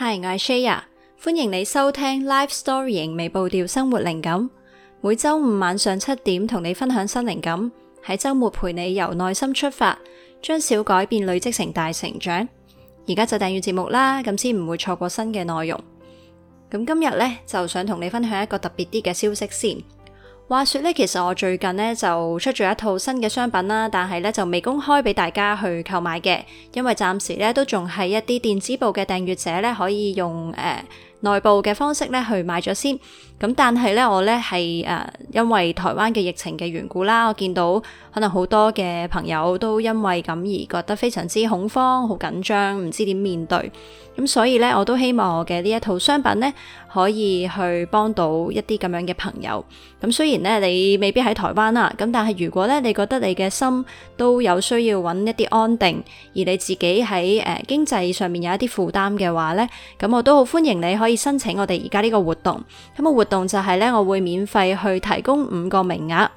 Hi，我係 Shaya，歡迎你收聽 Life Story，微步調生活靈感，每周五晚上七點同你分享新靈感，喺周末陪你由內心出發，將小改變累積成大成長。而家就訂閱節目啦，咁先唔會錯過新嘅內容。咁今日咧就想同你分享一個特別啲嘅消息先。話説咧，其實我最近咧就出咗一套新嘅商品啦，但係咧就未公開俾大家去購買嘅，因為暫時咧都仲係一啲電子報嘅訂閱者咧可以用誒、呃、內部嘅方式咧去買咗先。咁但係咧我咧係誒因為台灣嘅疫情嘅緣故啦，我見到可能好多嘅朋友都因為咁而覺得非常之恐慌，好緊張，唔知點面對。咁所以咧，我都希望我嘅呢一套商品咧，可以去幫到一啲咁樣嘅朋友。咁雖然咧，你未必喺台灣啦，咁但係如果咧，你覺得你嘅心都有需要揾一啲安定，而你自己喺誒、呃、經濟上面有一啲負擔嘅話咧，咁我都好歡迎你可以申請我哋而家呢個活動。咁、嗰個活動就係咧，我會免費去提供五個名額，呢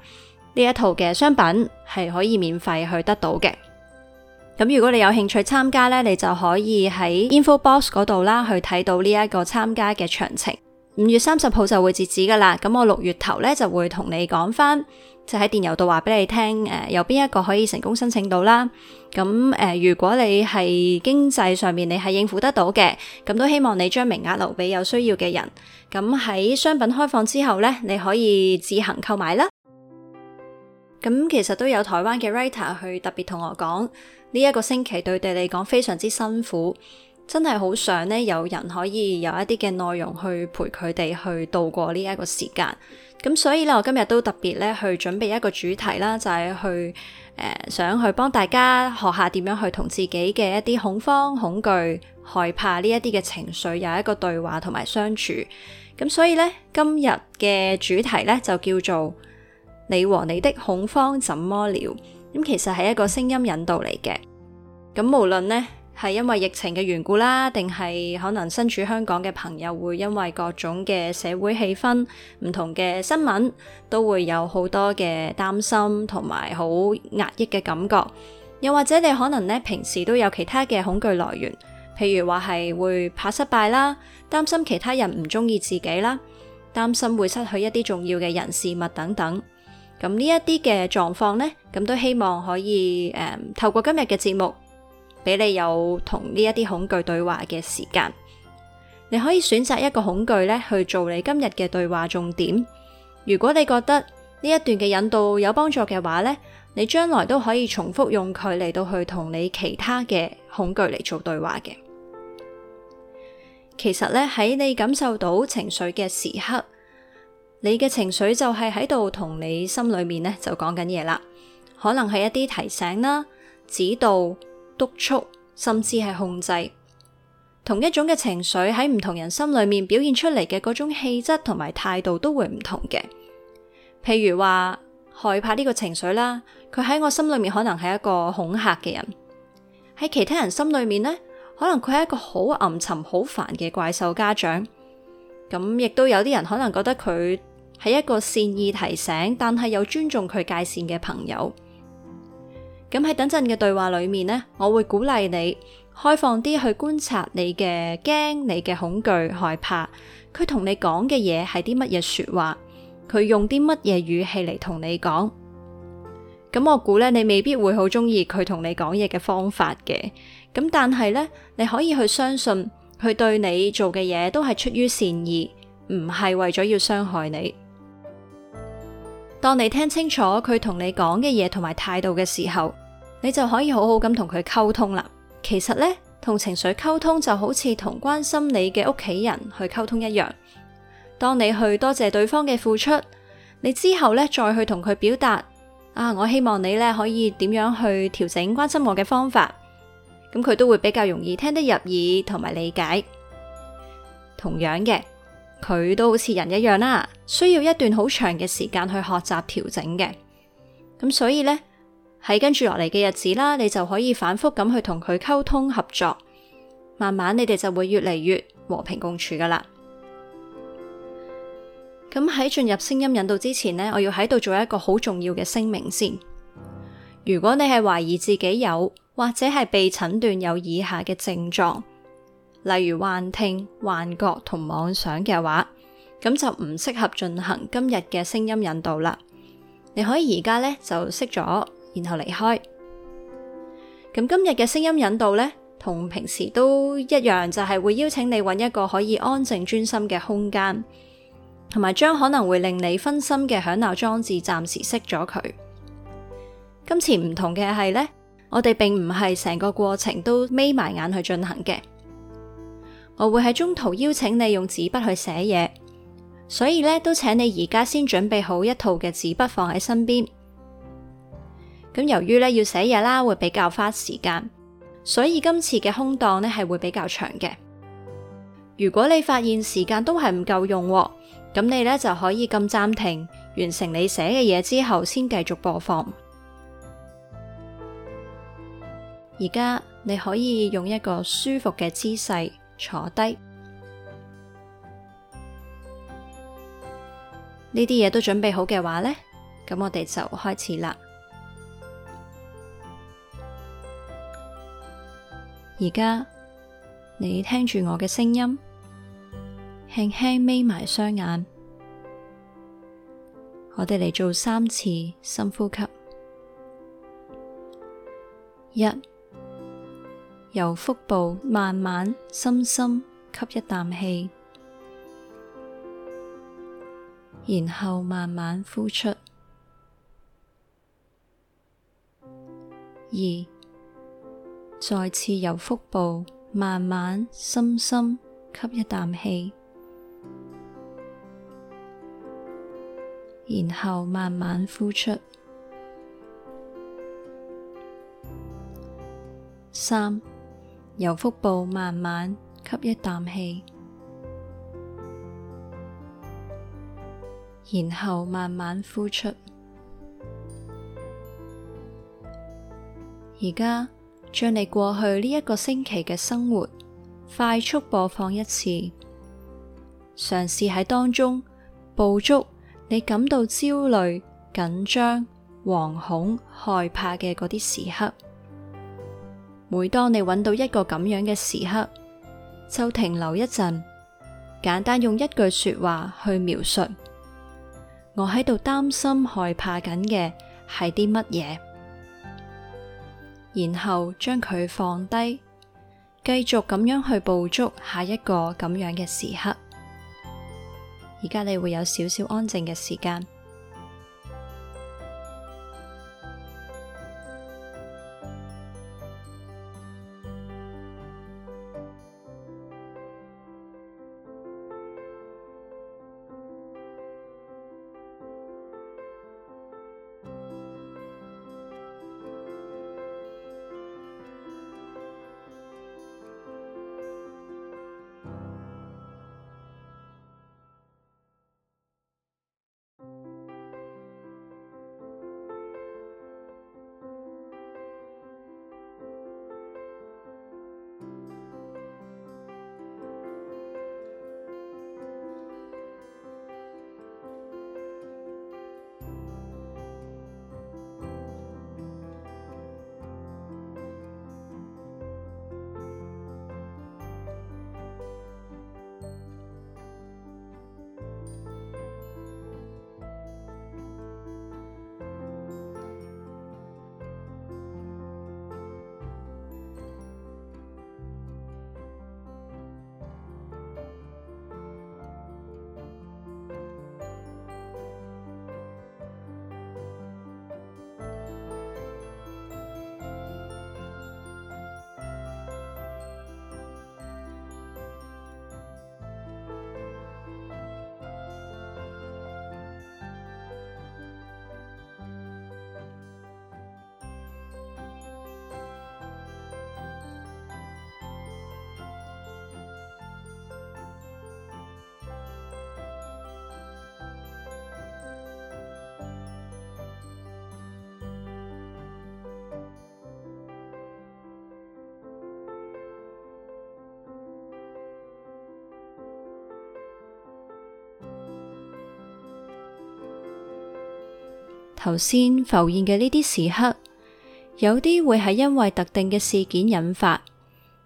一套嘅商品係可以免費去得到嘅。咁如果你有興趣參加咧，你就可以喺 InfoBox 嗰度啦，去睇到呢一個參加嘅詳情。五月三十號就會截止噶啦，咁我六月頭咧就會同你講返，就喺電郵度話俾你聽，誒、呃、有邊一個可以成功申請到啦。咁誒、呃，如果你係經濟上面你係應付得到嘅，咁都希望你將名額留俾有需要嘅人。咁喺商品開放之後咧，你可以自行購買啦。咁 其實都有台灣嘅 writer 去特別同我講。呢一個星期對你哋嚟講非常之辛苦，真係好想咧有人可以有一啲嘅內容去陪佢哋去度過呢一個時間。咁所以呢，我今日都特別咧去準備一個主題啦，就係、是、去、呃、想去幫大家學下點樣去同自己嘅一啲恐慌、恐懼、害怕呢一啲嘅情緒有一個對話同埋相處。咁所以呢，今日嘅主題呢，就叫做你和你的恐慌怎麼了？咁其實係一個聲音引導嚟嘅。咁無論呢係因為疫情嘅緣故啦，定係可能身處香港嘅朋友會因為各種嘅社會氣氛、唔同嘅新聞，都會有好多嘅擔心同埋好壓抑嘅感覺。又或者你可能呢平時都有其他嘅恐懼來源，譬如話係會怕失敗啦，擔心其他人唔中意自己啦，擔心會失去一啲重要嘅人事物等等。咁呢一啲嘅狀況呢，咁都希望可以誒、嗯、透過今日嘅節目，俾你有同呢一啲恐懼對話嘅時間。你可以選擇一個恐懼呢去做你今日嘅對話重點。如果你覺得呢一段嘅引導有幫助嘅話呢，你將來都可以重複用佢嚟到去同你其他嘅恐懼嚟做對話嘅。其實呢，喺你感受到情緒嘅時刻，你嘅情緒就係喺度同你心裏面咧就講緊嘢啦，可能係一啲提醒啦、指導、督促，甚至係控制。同一種嘅情緒喺唔同人心裏面表現出嚟嘅嗰種氣質同埋態度都會唔同嘅。譬如話害怕呢個情緒啦，佢喺我心裏面可能係一個恐嚇嘅人，喺其他人心裏面咧，可能佢係一個好暗沉、好煩嘅怪獸家長。咁亦都有啲人可能覺得佢。係一個善意提醒，但係又尊重佢界線嘅朋友。咁喺等陣嘅對話裏面呢，我會鼓勵你開放啲去觀察你嘅驚、你嘅恐懼、害怕。佢同你講嘅嘢係啲乜嘢說話？佢用啲乜嘢語氣嚟同你講？咁我估呢，你未必會好中意佢同你講嘢嘅方法嘅。咁但係呢，你可以去相信佢對你做嘅嘢都係出於善意，唔係為咗要傷害你。當你聽清楚佢同你講嘅嘢同埋態度嘅時候，你就可以好好咁同佢溝通啦。其實呢，同情緒溝通就好似同關心你嘅屋企人去溝通一樣。當你去多謝對方嘅付出，你之後呢，再去同佢表達啊，我希望你呢可以點樣去調整關心我嘅方法，咁佢都會比較容易聽得入耳同埋理解。同樣嘅。佢都好似人一樣啦，需要一段好長嘅時間去學習調整嘅。咁所以呢，喺跟住落嚟嘅日子啦，你就可以反覆咁去同佢溝通合作，慢慢你哋就會越嚟越和平共處噶啦。咁喺進入聲音引導之前呢，我要喺度做一個好重要嘅聲明先。如果你係懷疑自己有，或者係被診斷有以下嘅症狀。例如幻聽、幻覺同妄想嘅話，咁就唔適合進行今日嘅聲音引導啦。你可以而家呢就熄咗，然後離開。咁今日嘅聲音引導呢，同平時都一樣，就係會邀請你搵一個可以安靜專心嘅空間，同埋將可能會令你分心嘅響鬧裝置暫時熄咗佢。今次唔同嘅係呢，我哋並唔係成個過程都眯埋眼去進行嘅。我會喺中途邀請你用紙筆去寫嘢，所以呢，都請你而家先準備好一套嘅紙筆放喺身邊。咁由於呢要寫嘢啦，會比較花時間，所以今次嘅空檔呢係會比較長嘅。如果你發現時間都係唔夠用，咁你呢就可以撳暫停，完成你寫嘅嘢之後先繼續播放。而家你可以用一個舒服嘅姿勢。坐低，呢啲嘢都準備好嘅話呢，咁我哋就開始啦。而家你聽住我嘅聲音，輕輕眯埋雙眼，我哋嚟做三次深呼吸。一。由腹部慢慢深深吸一啖氣，然後慢慢呼出。二，再次由腹部慢慢深深吸一啖氣，然後慢慢呼出。三。由腹部慢慢吸一啖氣，然後慢慢呼出。而家將你過去呢一個星期嘅生活快速播放一次，嘗試喺當中捕捉你感到焦慮、緊張、惶恐、害怕嘅嗰啲時刻。每當你揾到一個咁樣嘅時刻，就停留一陣，簡單用一句說話去描述我喺度擔心、害怕緊嘅係啲乜嘢，然後將佢放低，繼續咁樣去捕捉下一個咁樣嘅時刻。而家你會有少少安靜嘅時間。頭先浮現嘅呢啲時刻，有啲會係因為特定嘅事件引發，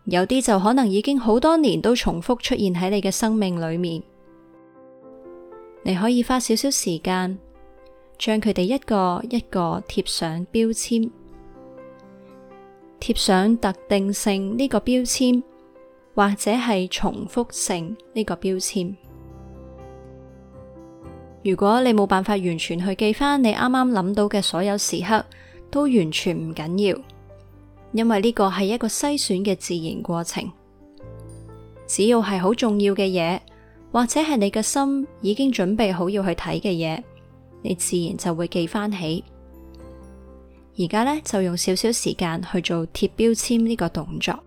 有啲就可能已經好多年都重複出現喺你嘅生命裏面。你可以花少少時間，將佢哋一個一個貼上標籤，貼上特定性呢個標籤，或者係重複性呢個標籤。如果你冇辦法完全去記翻你啱啱諗到嘅所有時刻，都完全唔緊要，因為呢個係一個篩選嘅自然過程。只要係好重要嘅嘢，或者係你嘅心已經準備好要去睇嘅嘢，你自然就會記翻起。而家呢，就用少少時間去做貼標籤呢個動作。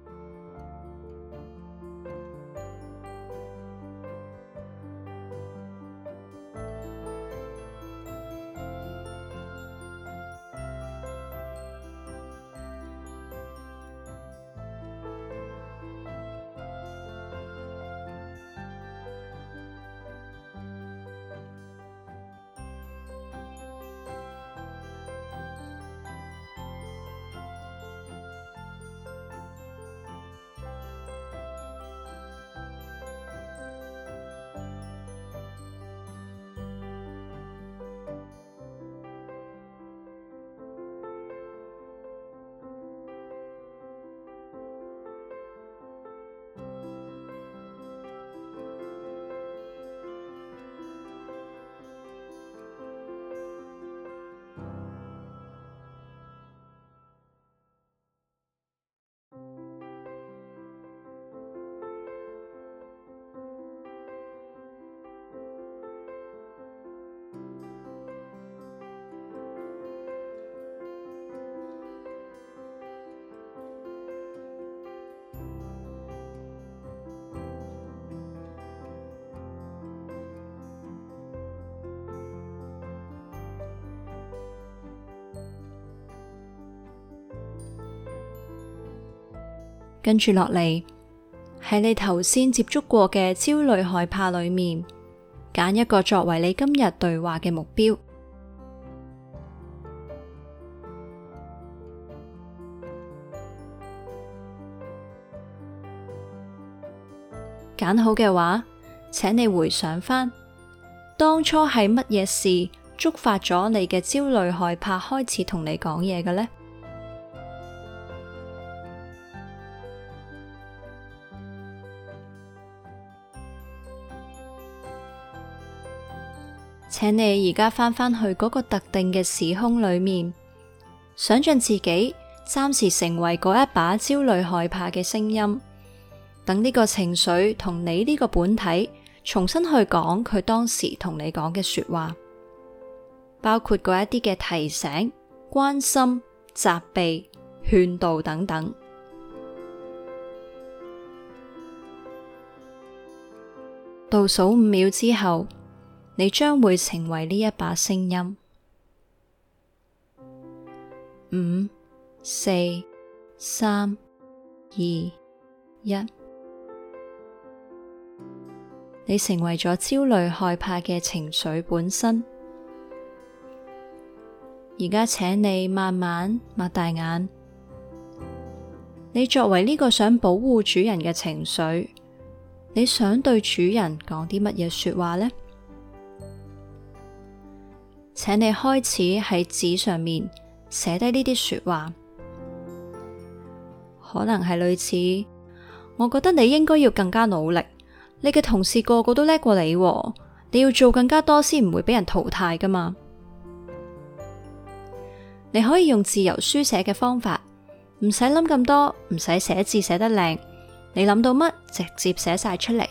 跟住落嚟，喺你頭先接觸過嘅焦慮害怕裏面，揀一個作為你今日對話嘅目標。揀好嘅話，請你回想翻，當初係乜嘢事觸發咗你嘅焦慮害怕開始同你講嘢嘅呢？請你而家返返去嗰個特定嘅時空裏面，想象自己暫時成為嗰一把焦慮、害怕嘅聲音，等呢個情緒同你呢個本體重新去講佢當時同你講嘅說話，包括嗰一啲嘅提醒、關心、責備、勸導等等。倒數五秒之後。你將會成為呢一把聲音，五、四、三、二、一。你成為咗焦慮、害怕嘅情緒本身。而家請你慢慢擘大眼。你作為呢個想保護主人嘅情緒，你想對主人講啲乜嘢說話呢？請你開始喺紙上面寫低呢啲說話，可能係類似，我覺得你應該要更加努力。你嘅同事個個都叻過你，你要做更加多先唔會俾人淘汰噶嘛。你可以用自由書寫嘅方法，唔使諗咁多，唔使寫字寫得靚，你諗到乜直接寫晒出嚟。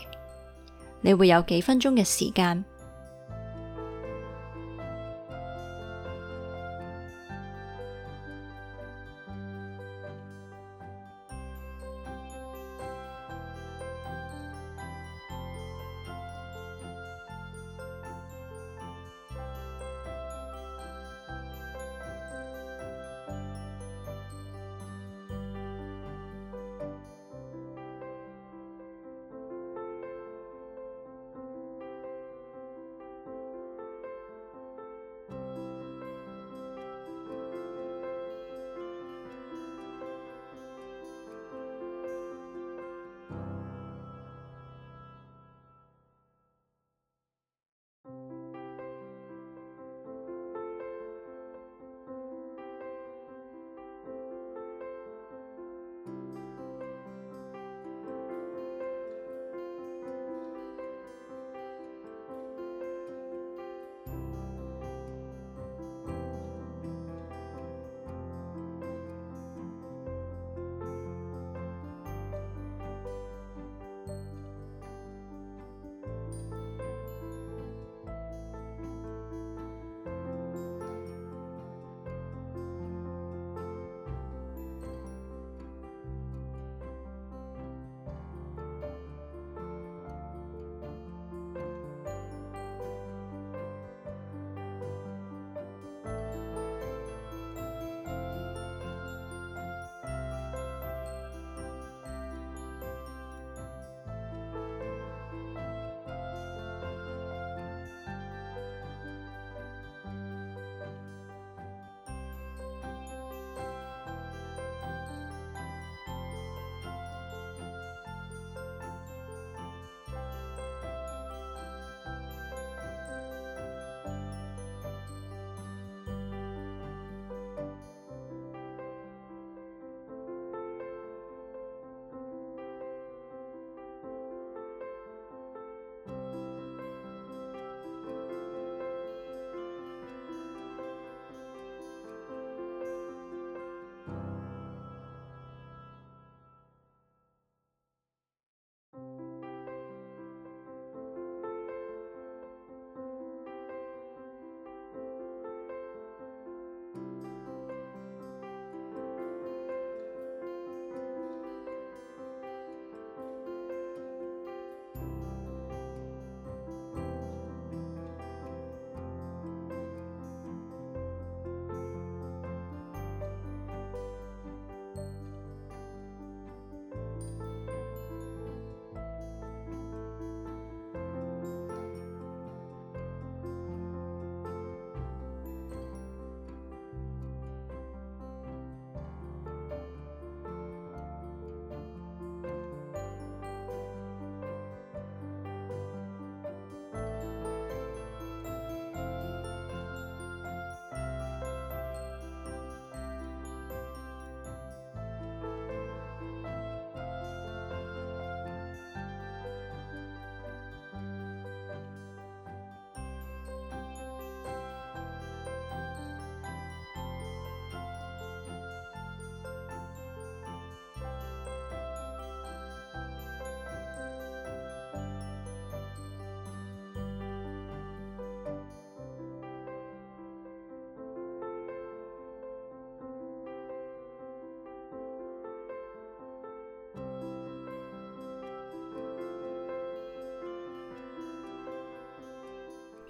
你會有幾分鐘嘅時間。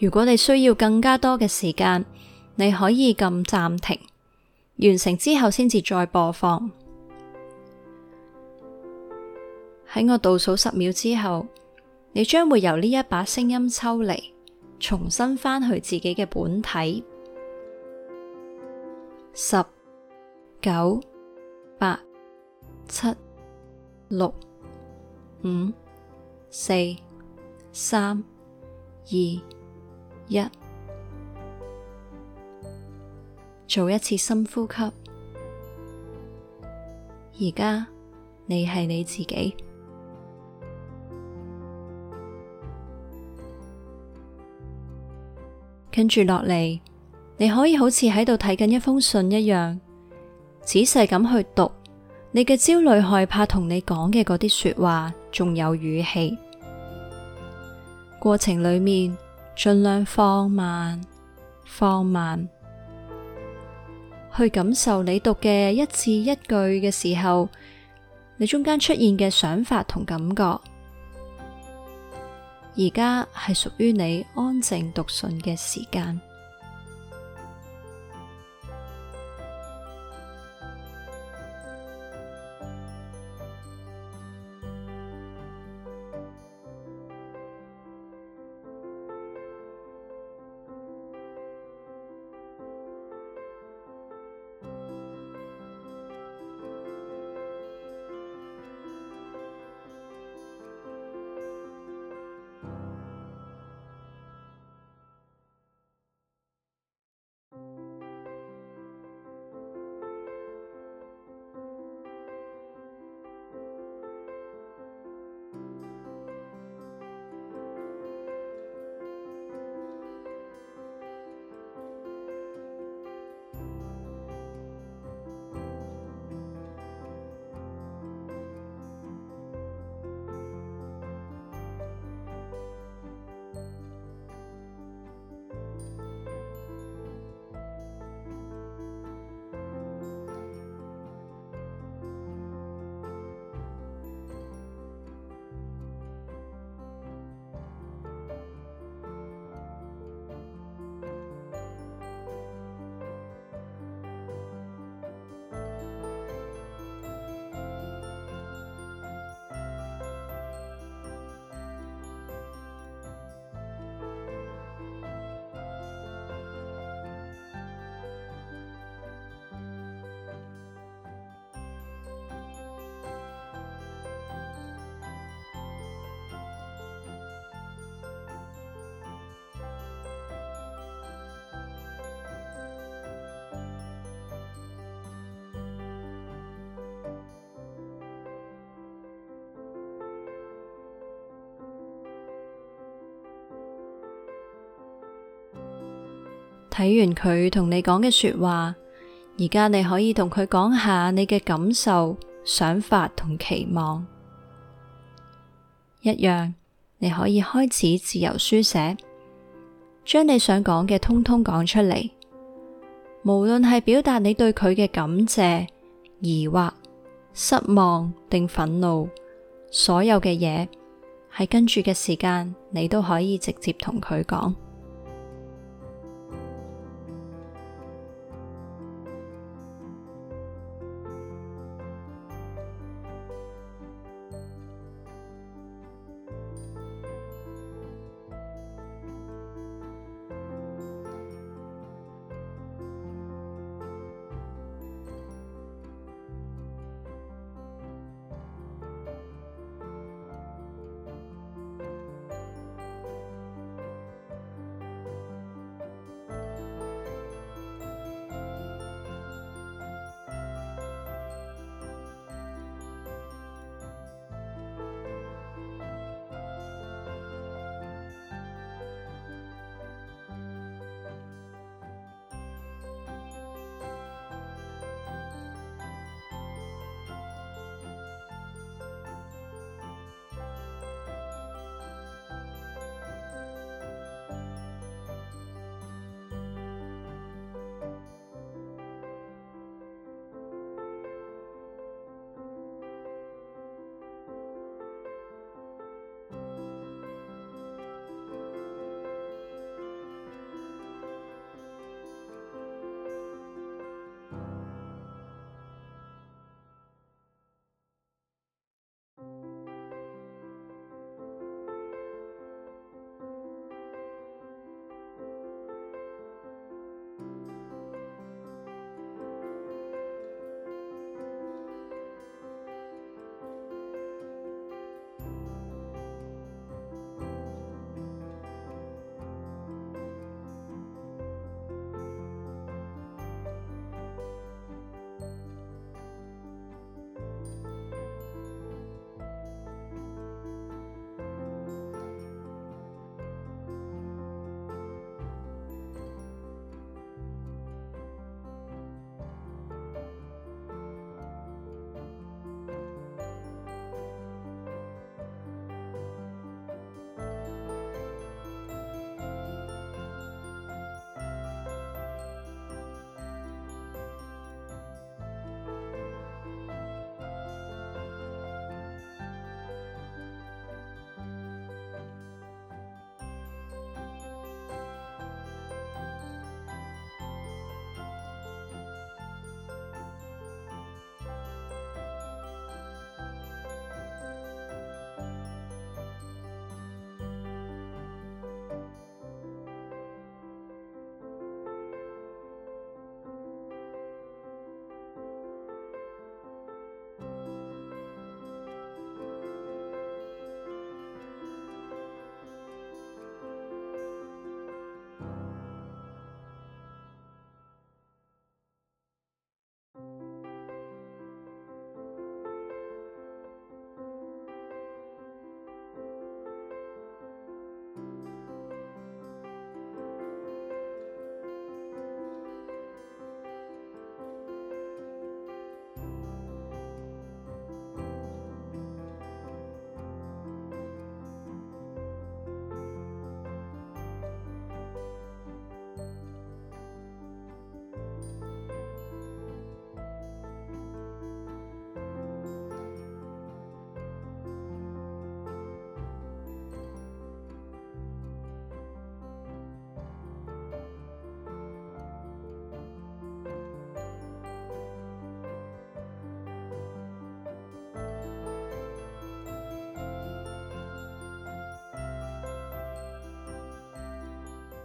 如果你需要更加多嘅時間，你可以撳暫停，完成之後先至再播放。喺我倒數十秒之後，你將會由呢一把聲音抽離，重新翻去自己嘅本體。十、九、八、七、六、五、四、三、二。一做一次深呼吸，而家你係你自己，跟住落嚟，你可以好似喺度睇緊一封信一樣，仔細咁去讀你嘅焦慮、害怕同你講嘅嗰啲說話，仲有語氣，過程裏面。盡量放慢，放慢，去感受你讀嘅一字一句嘅時候，你中間出現嘅想法同感覺。而家係屬於你安靜讀信嘅時間。睇完佢同你講嘅說話，而家你可以同佢講下你嘅感受、想法同期望。一樣，你可以開始自由書寫，將你想講嘅通通講出嚟。無論係表達你對佢嘅感謝、疑惑、失望定憤怒，所有嘅嘢，喺跟住嘅時間，你都可以直接同佢講。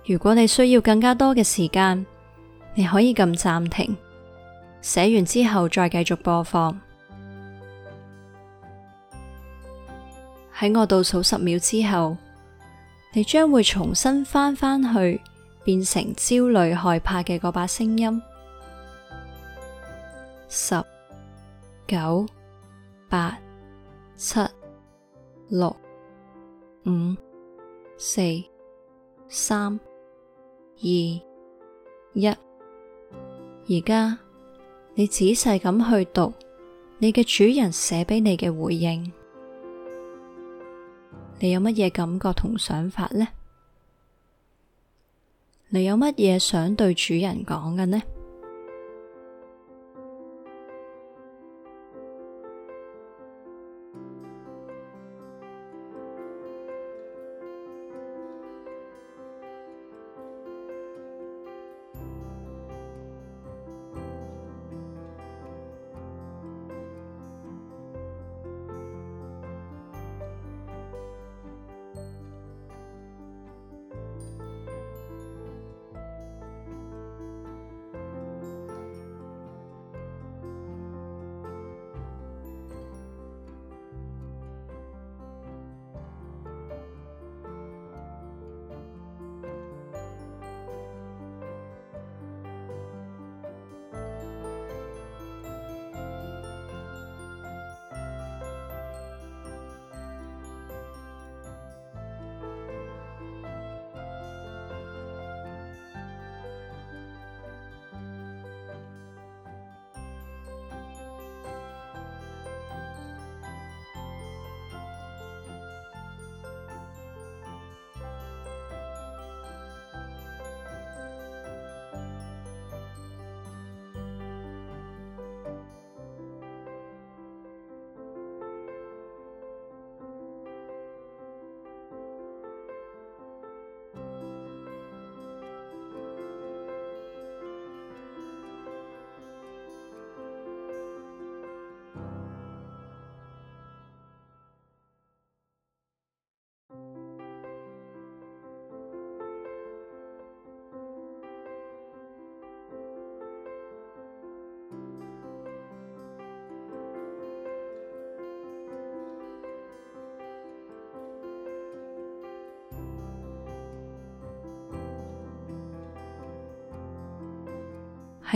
如果你需要更加多嘅時間，你可以撳暫停，寫完之後再繼續播放。喺我倒數十秒之後，你將會重新翻返去，變成焦慮害怕嘅嗰把聲音。十、九、八、七、六、五、四、三。、二一，而家你仔細咁去讀你嘅主人寫畀你嘅回應，你有乜嘢感覺同想法呢？你有乜嘢想對主人講嘅呢？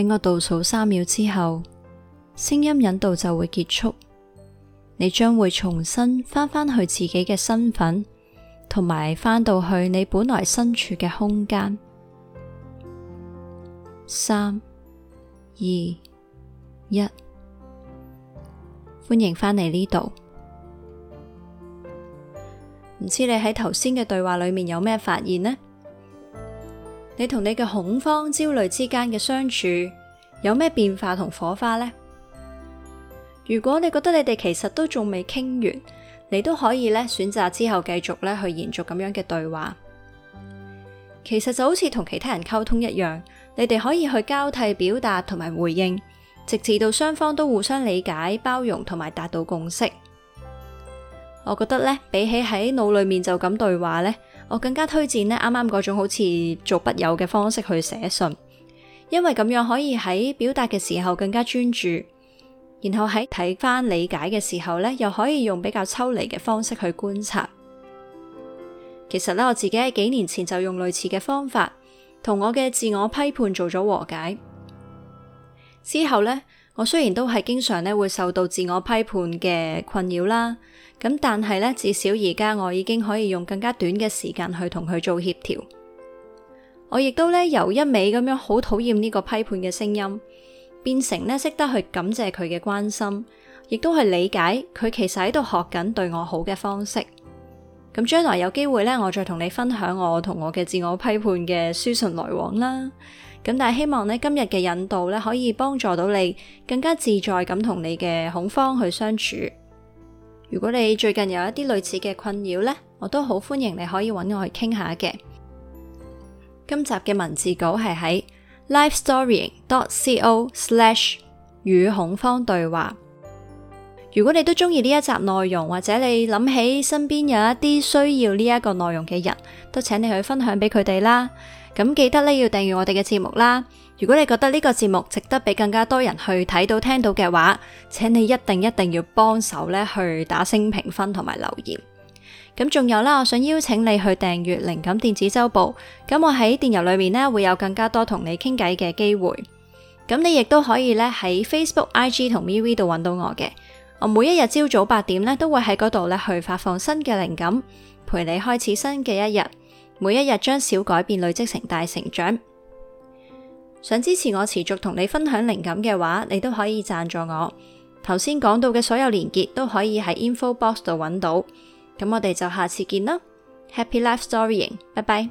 喺我倒數三秒之後，聲音引導就會結束，你將會重新翻返去自己嘅身份，同埋翻到去你本來身處嘅空間。三、二、一，歡迎翻嚟呢度。唔知你喺頭先嘅對話裏面有咩發現呢？你同你嘅恐慌、焦慮之間嘅相處有咩變化同火花呢？如果你覺得你哋其實都仲未傾完，你都可以咧選擇之後繼續咧去延續咁樣嘅對話。其實就好似同其他人溝通一樣，你哋可以去交替表達同埋回應，直至到雙方都互相理解、包容同埋達到共識。我覺得咧，比起喺腦裏面就咁對話咧。我更加推薦呢，啱啱嗰種好似做筆友嘅方式去寫信，因為咁樣可以喺表達嘅時候更加專注，然後喺睇返理解嘅時候呢，又可以用比較抽離嘅方式去觀察。其實咧，我自己喺幾年前就用類似嘅方法，同我嘅自我批判做咗和解。之後呢，我雖然都係經常咧會受到自我批判嘅困擾啦。咁但係咧，至少而家我已經可以用更加短嘅時間去同佢做協調。我亦都咧由一味咁樣好討厭呢個批判嘅聲音，變成咧識得去感謝佢嘅關心，亦都去理解佢其實喺度學緊對我好嘅方式。咁將來有機會咧，我再同你分享我同我嘅自我批判嘅書信來往啦。咁但係希望呢，今日嘅引導咧，可以幫助到你更加自在咁同你嘅恐慌去相處。如果你最近有一啲類似嘅困擾呢，我都好歡迎你可以揾我去傾下嘅。今集嘅文字稿係喺 LifeStory.co/slash 與恐慌對話。如果你都中意呢一集內容，或者你諗起身邊有一啲需要呢一個內容嘅人，都請你去分享俾佢哋啦。咁記得呢要訂閱我哋嘅節目啦。如果你覺得呢個節目值得俾更加多人去睇到聽到嘅話，請你一定一定要幫手呢去打星評分同埋留言。咁仲有啦，我想邀請你去訂閱靈感電子周報。咁我喺電郵裏面呢會有更加多同你傾偈嘅機會。咁你亦都可以呢喺 Facebook、I G 同 MeWe 度揾到我嘅。我每一日朝早八點咧，都會喺嗰度咧去發放新嘅靈感，陪你開始新嘅一日。每一日將小改變累積成大成長。想支持我持續同你分享靈感嘅話，你都可以贊助我。頭先講到嘅所有連結都可以喺 info box 度揾到。咁我哋就下次見啦。Happy life story，拜拜。